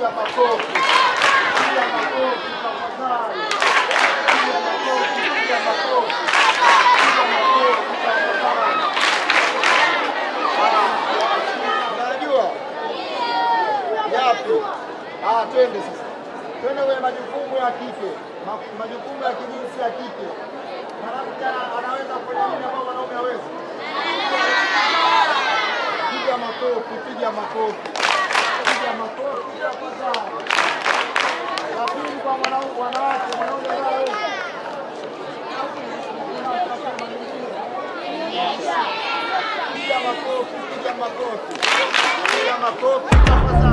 piga makofi, piga makofi tafadhali, ah, twende sasa, twende kwenye majukumu ya kike, majukumu ya kijinsi ya kike. Mwanamke anaweza kufanya nini ambao mwanaume hawezi? Piga makofi, piga makofi, piga makofi. Yamakoku, Yamakoku, Yamakoku, Yamakoku,